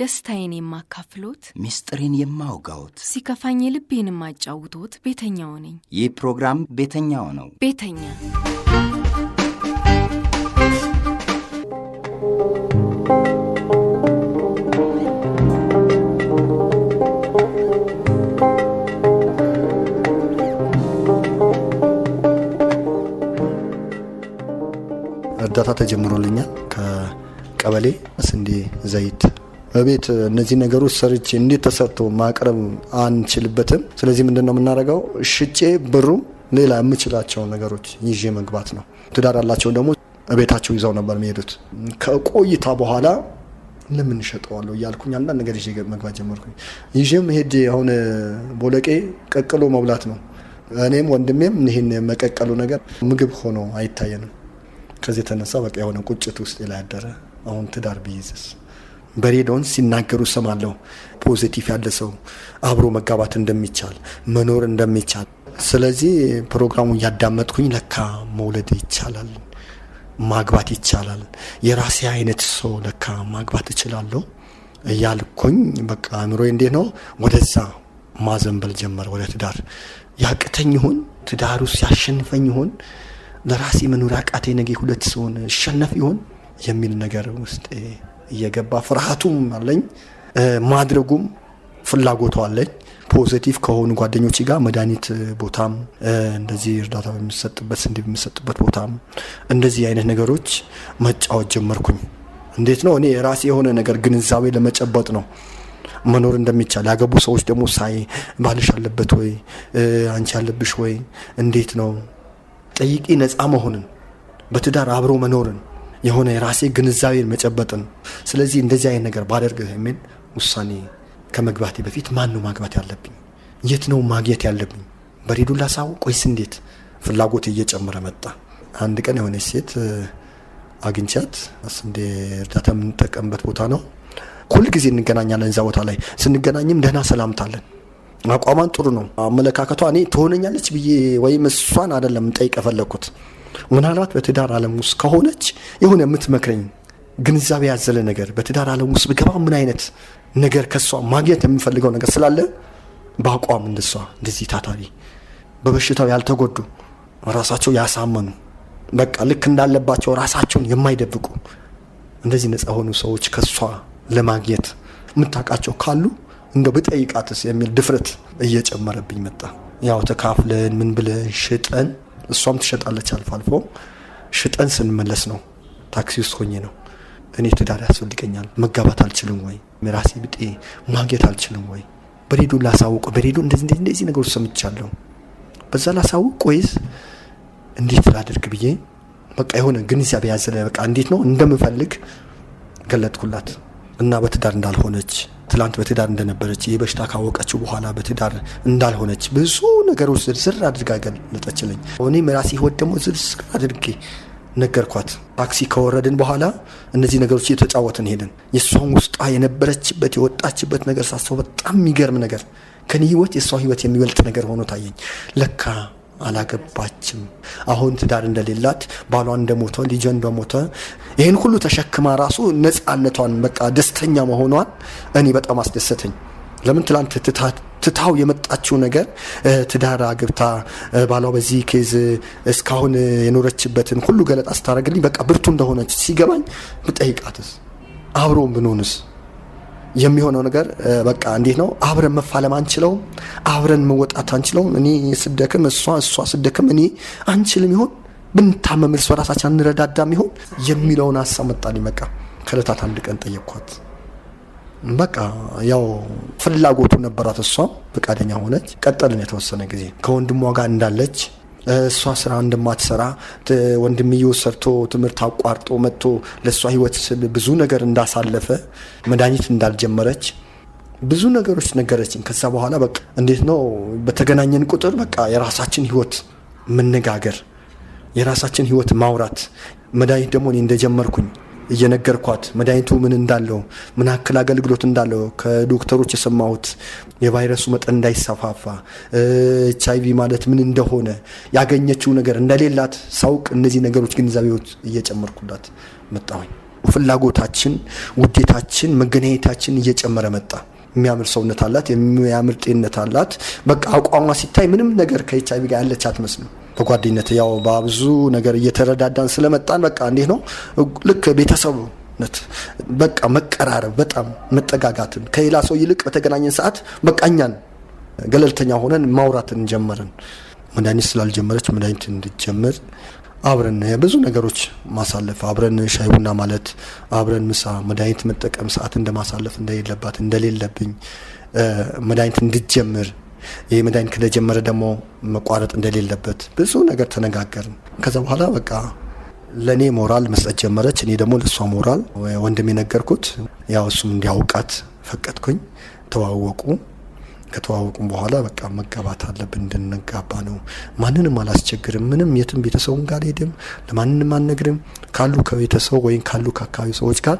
ደስታዬን የማካፍሎት፣ ምስጢሬን የማውጋዎት፣ ሲከፋኝ ልቤን የማጫውቶት ቤተኛው ነኝ። ይህ ፕሮግራም ቤተኛው ነው። ቤተኛ እርዳታ ተጀምሮልኛል። ከቀበሌ ስንዴ፣ ዘይት በቤት እነዚህ ነገሮች ሰርች እንዴት ተሰርቶ ማቅረብ አንችልበትም። ስለዚህ ምንድን ነው የምናደርገው? ሽጬ ብሩ ሌላ የምችላቸው ነገሮች ይዤ መግባት ነው። ትዳር ያላቸው ደግሞ እቤታቸው ይዘው ነበር የሚሄዱት። ከቆይታ በኋላ ለምን እሸጠዋለሁ እያልኩኝ አንዳንድ ነገር ይዤ መግባት ጀመርኩኝ። ይዤም ሄድ የሆነ ቦለቄ ቀቅሎ መብላት ነው። እኔም ወንድሜም ይህን የመቀቀሉ ነገር ምግብ ሆኖ አይታየንም። ከዚህ የተነሳ በቃ የሆነ ቁጭት ውስጥ ላይ ያደረ አሁን ትዳር ብይዝስ በሬዲዮን ሲናገሩ ሰማለሁ። ፖዚቲቭ ያለ ሰው አብሮ መጋባት እንደሚቻል መኖር እንደሚቻል። ስለዚህ ፕሮግራሙ እያዳመጥኩኝ ለካ መውለድ ይቻላል፣ ማግባት ይቻላል፣ የራሴ አይነት ሰው ለካ ማግባት እችላለሁ እያልኩኝ በቃ አእምሮ እንዴት ነው ወደዛ ማዘንበል ጀመር። ወደ ትዳር ያቅተኝ ይሆን ትዳሩ ሲያሸንፈኝ ይሆን ለራሴ መኖር ያቃቴ ነገ ሁለት ሰውን እሸነፍ ይሆን የሚል ነገር ውስጥ እየገባ ፍርሃቱም አለኝ ማድረጉም ፍላጎቷ አለኝ። ፖዘቲቭ ከሆኑ ጓደኞች ጋር መድኃኒት ቦታም እንደዚህ እርዳታ በሚሰጥበት ስንዴ በሚሰጥበት ቦታም እንደዚህ አይነት ነገሮች መጫወት ጀመርኩኝ። እንዴት ነው እኔ የራሴ የሆነ ነገር ግንዛቤ ለመጨበጥ ነው መኖር እንደሚቻል ያገቡ ሰዎች ደግሞ ሳይ ባልሽ አለበት ወይ አንቺ አለብሽ ወይ እንዴት ነው ጠይቂ ነፃ መሆንን በትዳር አብሮ መኖርን የሆነ የራሴ ግንዛቤን መጨበጥን። ስለዚህ እንደዚህ አይነት ነገር ባደርግ የሚል ውሳኔ ከመግባቴ በፊት ማን ነው ማግባት ያለብኝ? የት ነው ማግኘት ያለብኝ? በሬዱላ ሳው ቆይስ እንዴት ፍላጎት እየጨመረ መጣ። አንድ ቀን የሆነች ሴት አግኝቻት ስንዴ እርዳታ የምንጠቀምበት ቦታ ነው። ሁልጊዜ እንገናኛለን እዛ ቦታ ላይ ስንገናኝም ደህና ሰላምታለን። አቋሟን ጥሩ ነው። አመለካከቷ እኔ ትሆነኛለች ብዬ ወይም እሷን አይደለም ጠይቅ ፈለግኩት ምናልባት በትዳር ዓለም ውስጥ ከሆነች የሆነ የምትመክረኝ ግንዛቤ ያዘለ ነገር በትዳር ዓለም ውስጥ ብገባ ምን አይነት ነገር ከሷ ማግኘት የምፈልገው ነገር ስላለ በአቋም እንደሷ እንደዚህ ታታሪ በበሽታው ያልተጎዱ ራሳቸው ያሳመኑ በቃ ልክ እንዳለባቸው ራሳቸውን የማይደብቁ እንደዚህ ነጻ የሆኑ ሰዎች ከሷ ለማግኘት የምታውቃቸው ካሉ እንደ ብጠይቃትስ የሚል ድፍረት እየጨመረብኝ መጣ። ያው ተካፍለን ምን ብለን ሽጠን እሷም ትሸጣለች አልፎ አልፎ። ሽጠን ስንመለስ ነው ታክሲ ውስጥ ሆኜ ነው እኔ ትዳር ያስፈልገኛል፣ መጋባት አልችልም ወይ ራሴ ብጤ ማግኘት አልችልም ወይ በሬዲዮ ላሳውቅ፣ በሬዲዮ እንደዚህ እንደዚህ ነገሮች ሰምቻለሁ፣ በዛ ላሳውቅ ወይስ እንዴት ላደርግ ብዬ በቃ የሆነ ግንዛቤ ያዘለ በቃ እንዴት ነው እንደምፈልግ ገለጥኩላት እና በትዳር እንዳልሆነች ትላንት በትዳር እንደነበረች ይህ በሽታ ካወቀችው በኋላ በትዳር እንዳልሆነች ብዙ ነገሮች ዝርዝር አድርጋ ገለጠችልኝ። እኔም ራሴ ህይወት ደግሞ ዝርዝር አድርጌ ነገርኳት። ታክሲ ከወረድን በኋላ እነዚህ ነገሮች እየተጫወትን ሄደን የእሷን ውስጣ የነበረችበት የወጣችበት ነገር ሳስበው በጣም የሚገርም ነገር ከኔ ህይወት የእሷ ህይወት የሚበልጥ ነገር ሆኖ ታየኝ ለካ አላገባችም። አሁን ትዳር እንደሌላት ባሏ እንደሞተ ልጇ እንደሞተ ይህን ሁሉ ተሸክማ ራሱ ነፃነቷን በቃ ደስተኛ መሆኗን እኔ በጣም አስደሰተኝ። ለምን ትላንት ትታው የመጣችው ነገር ትዳር አግብታ ባሏ በዚህ ኬዝ እስካሁን የኖረችበትን ሁሉ ገለጣ ስታደርግልኝ በቃ ብርቱ እንደሆነች ሲገባኝ ብጠይቃትስ አብሮም ብንሆንስ የሚሆነው ነገር በቃ እንዴት ነው? አብረን መፋለም አንችለውም? አብረን መወጣት አንችለውም? እኔ ስደክም እሷ እሷ ስደክም እኔ አንችልም ይሆን? ብንታመም እርስ በራሳችን እንረዳዳም ይሆን የሚለውን ሀሳብ መጣልኝ። በቃ ከእለታት አንድ ቀን ጠየቅኳት። በቃ ያው ፍላጎቱ ነበራት፣ እሷም ፈቃደኛ ሆነች። ቀጠልን የተወሰነ ጊዜ ከወንድሟ ጋር እንዳለች እሷ ስራ እንደማትሰራ ወንድምየው ሰርቶ ትምህርት አቋርጦ መጥቶ ለእሷ ህይወት ስል ብዙ ነገር እንዳሳለፈ መድኃኒት እንዳልጀመረች ብዙ ነገሮች ነገረችኝ። ከዛ በኋላ በቃ እንዴት ነው በተገናኘን ቁጥር በቃ የራሳችን ህይወት መነጋገር፣ የራሳችን ህይወት ማውራት መድኃኒት ደግሞ እኔ እንደጀመርኩኝ እየነገርኳት መድኃኒቱ ምን እንዳለው ምን ያክል አገልግሎት እንዳለው ከዶክተሮች የሰማሁት የቫይረሱ መጠን እንዳይሰፋፋ ኤች አይቪ ማለት ምን እንደሆነ ያገኘችው ነገር እንደሌላት ሳውቅ እነዚህ ነገሮች ግንዛቤዎች እየጨመርኩላት መጣሁኝ። ፍላጎታችን፣ ውዴታችን፣ መገናኘታችን እየጨመረ መጣ። የሚያምር ሰውነት አላት፣ የሚያምር ጤንነት አላት። በቃ አቋሟ ሲታይ ምንም ነገር ከኤች አይቪ ጋር ያለች አትመስልም። በጓደኝነት ያው በብዙ ነገር እየተረዳዳን ስለመጣን በቃ እንዴት ነው ልክ ቤተሰቡነት በቃ መቀራረብ፣ በጣም መጠጋጋትን ከሌላ ሰው ይልቅ በተገናኘን ሰዓት በቃ እኛን ገለልተኛ ሆነን ማውራትን ጀመርን። መድኃኒት ስላልጀመረች መድኃኒት እንድጀምር አብረን ብዙ ነገሮች ማሳለፍ አብረን ሻይ ቡና ማለት አብረን ምሳ መድኃኒት መጠቀም ሰዓት እንደማሳለፍ እንደሌለባት እንደሌለብኝ መድኃኒት እንድጀምር ይህ መድኃኒት ከተጀመረ ደግሞ መቋረጥ እንደሌለበት ብዙ ነገር ተነጋገርን። ከዛ በኋላ በቃ ለእኔ ሞራል መስጠት ጀመረች። እኔ ደግሞ ለእሷ ሞራል ወንድም የነገርኩት ያው እሱም እንዲያውቃት ፈቀድኩኝ። ተዋወቁ። ከተዋወቁም በኋላ በቃ መጋባት አለብን እንድንጋባ ነው። ማንንም አላስቸግርም። ምንም የትም ቤተሰቡን ጋር ሄድም ለማንንም አልነግርም። ካሉ ከቤተሰቡ ወይም ካሉ ከአካባቢ ሰዎች ጋር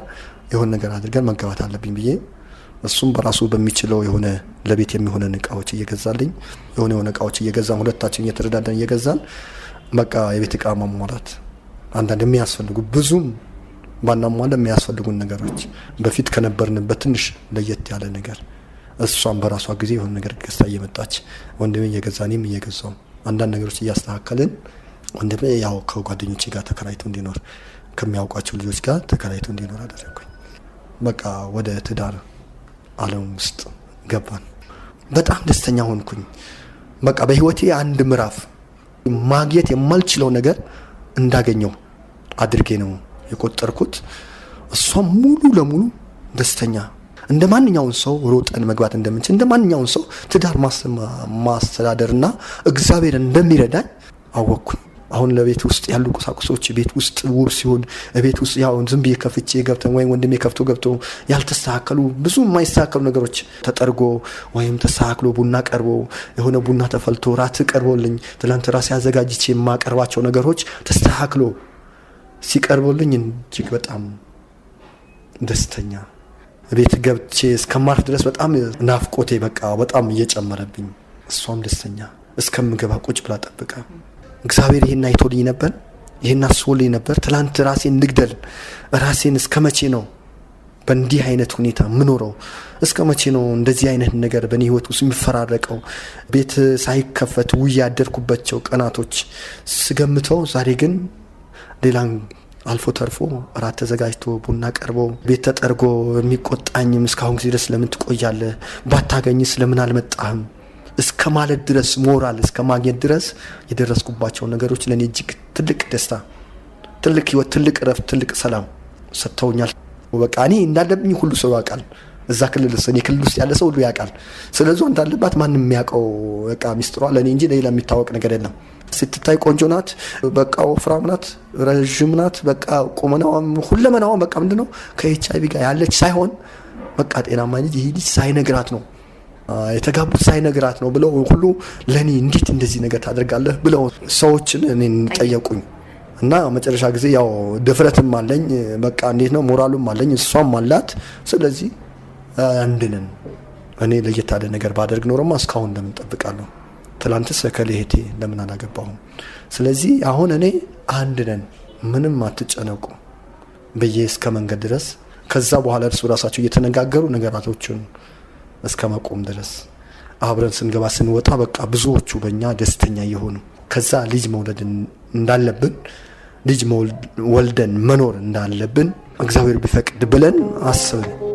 የሆን ነገር አድርገን መጋባት አለብኝ ብዬ እሱም በራሱ በሚችለው የሆነ ለቤት የሚሆነን እቃዎች እየገዛልኝ የሆነ የሆነ እቃዎች እየገዛን ሁለታችን እየተረዳዳን እየገዛን በቃ የቤት እቃ ማሟላት አንዳንድ የሚያስፈልጉ ብዙም ባናሟላ የሚያስፈልጉን ነገሮች በፊት ከነበርንበት ትንሽ ለየት ያለ ነገር እሷም በራሷ ጊዜ የሆነ ነገር ገዝታ እየመጣች ወንድሜ እየገዛ እኔም እየገዛው አንዳንድ ነገሮች እያስተካከልን ወንድሜ ያው ከጓደኞቼ ጋር ተከራይቶ እንዲኖር ከሚያውቋቸው ልጆች ጋር ተከራይቶ እንዲኖር አደረግኩኝ። በቃ ወደ ትዳር ዓለም ውስጥ ገባን። በጣም ደስተኛ ሆንኩኝ። በቃ በህይወቴ አንድ ምዕራፍ ማግኘት የማልችለው ነገር እንዳገኘው አድርጌ ነው የቆጠርኩት። እሷም ሙሉ ለሙሉ ደስተኛ እንደ ማንኛውን ሰው ሮጠን መግባት እንደምንችል እንደ ማንኛውን ሰው ትዳር ማስተዳደርና እግዚአብሔር እንደሚረዳኝ አወቅኩኝ። አሁን ለቤት ውስጥ ያሉ ቁሳቁሶች ቤት ውስጥ ውብ ሲሆን ቤት ውስጥ ያው ዝም ብዬ ከፍቼ ገብተን ወይም ወንድሜ ከፍቶ ገብቶ ያልተስተካከሉ ብዙ የማይስተካከሉ ነገሮች ተጠርጎ ወይም ተስተካክሎ ቡና ቀርቦ የሆነ ቡና ተፈልቶ ራት ቀርቦልኝ ትላንት ራሴ አዘጋጅቼ የማቀርባቸው ነገሮች ተስተካክሎ ሲቀርቦልኝ እጅግ በጣም ደስተኛ ቤት ገብቼ እስከማርፍ ድረስ በጣም ናፍቆቴ በቃ በጣም እየጨመረብኝ እሷም ደስተኛ እስከምገባ ቁጭ ብላ ጠብቃ እግዚአብሔር ይህን አይቶልኝ ነበር፣ ይህን አስቦልኝ ነበር። ትላንት ራሴን ልግደል፣ ራሴን እስከ መቼ ነው በእንዲህ አይነት ሁኔታ ምኖረው? እስከ መቼ ነው እንደዚህ አይነት ነገር በእኔ ህይወት ውስጥ የሚፈራረቀው? ቤት ሳይከፈት ውዬ ያደርኩባቸው ቀናቶች ስገምተው፣ ዛሬ ግን ሌላን አልፎ ተርፎ እራት ተዘጋጅቶ ቡና ቀርቦ ቤት ተጠርጎ የሚቆጣኝም እስካሁን ጊዜ ድረስ ለምን ትቆያለህ? ባታገኝ ለምን አልመጣህም? እስከ ማለት ድረስ ሞራል እስከ ማግኘት ድረስ የደረስኩባቸው ነገሮች ለእኔ እጅግ ትልቅ ደስታ፣ ትልቅ ህይወት፣ ትልቅ እረፍት፣ ትልቅ ሰላም ሰጥተውኛል። በቃ እኔ እንዳለብኝ ሁሉ ሰው ያውቃል። እዛ ክልል እኔ ክልል ውስጥ ያለ ሰው ሁሉ ያውቃል። ስለዚ እንዳለባት ማንም የሚያውቀው በቃ ሚስጥሯ ለእኔ እንጂ ለሌላ የሚታወቅ ነገር የለም። ስትታይ ቆንጆ ናት፣ በቃ ወፍራም ናት፣ ረዥም ናት። በቃ ቁመናዋም ሁለመናዋም በቃ ምንድነው ከኤች አይቪ ጋር ያለች ሳይሆን በቃ ጤናማ ልጅ ይህ ልጅ ሳይነግራት ነው የተጋቡት ሳይነግራት ነው ብለው ሁሉ ለእኔ እንዴት እንደዚህ ነገር ታደርጋለህ ብለው ሰዎችን እኔን ጠየቁኝ። እና መጨረሻ ጊዜ ያው ድፍረትም አለኝ በቃ እንዴት ነው ሞራሉም አለኝ እሷም አላት። ስለዚህ አንድንን እኔ ለየት ያለ ነገር ባደርግ ኖሮማ እስካሁን ለምን ትላንትስ እከሌ እህቴ ለምን አላገባሁም? ስለዚህ አሁን እኔ አንድ ምንም አትጨነቁ ብዬ እስከ መንገድ ድረስ ከዛ በኋላ እርስ በራሳቸው እየተነጋገሩ ነገራቶችን እስከ መቆም ድረስ አብረን ስንገባ ስንወጣ በቃ ብዙዎቹ በእኛ ደስተኛ የሆኑ ከዛ ልጅ መውለድ እንዳለብን ልጅ ወልደን መኖር እንዳለብን እግዚአብሔር ቢፈቅድ ብለን አስብን።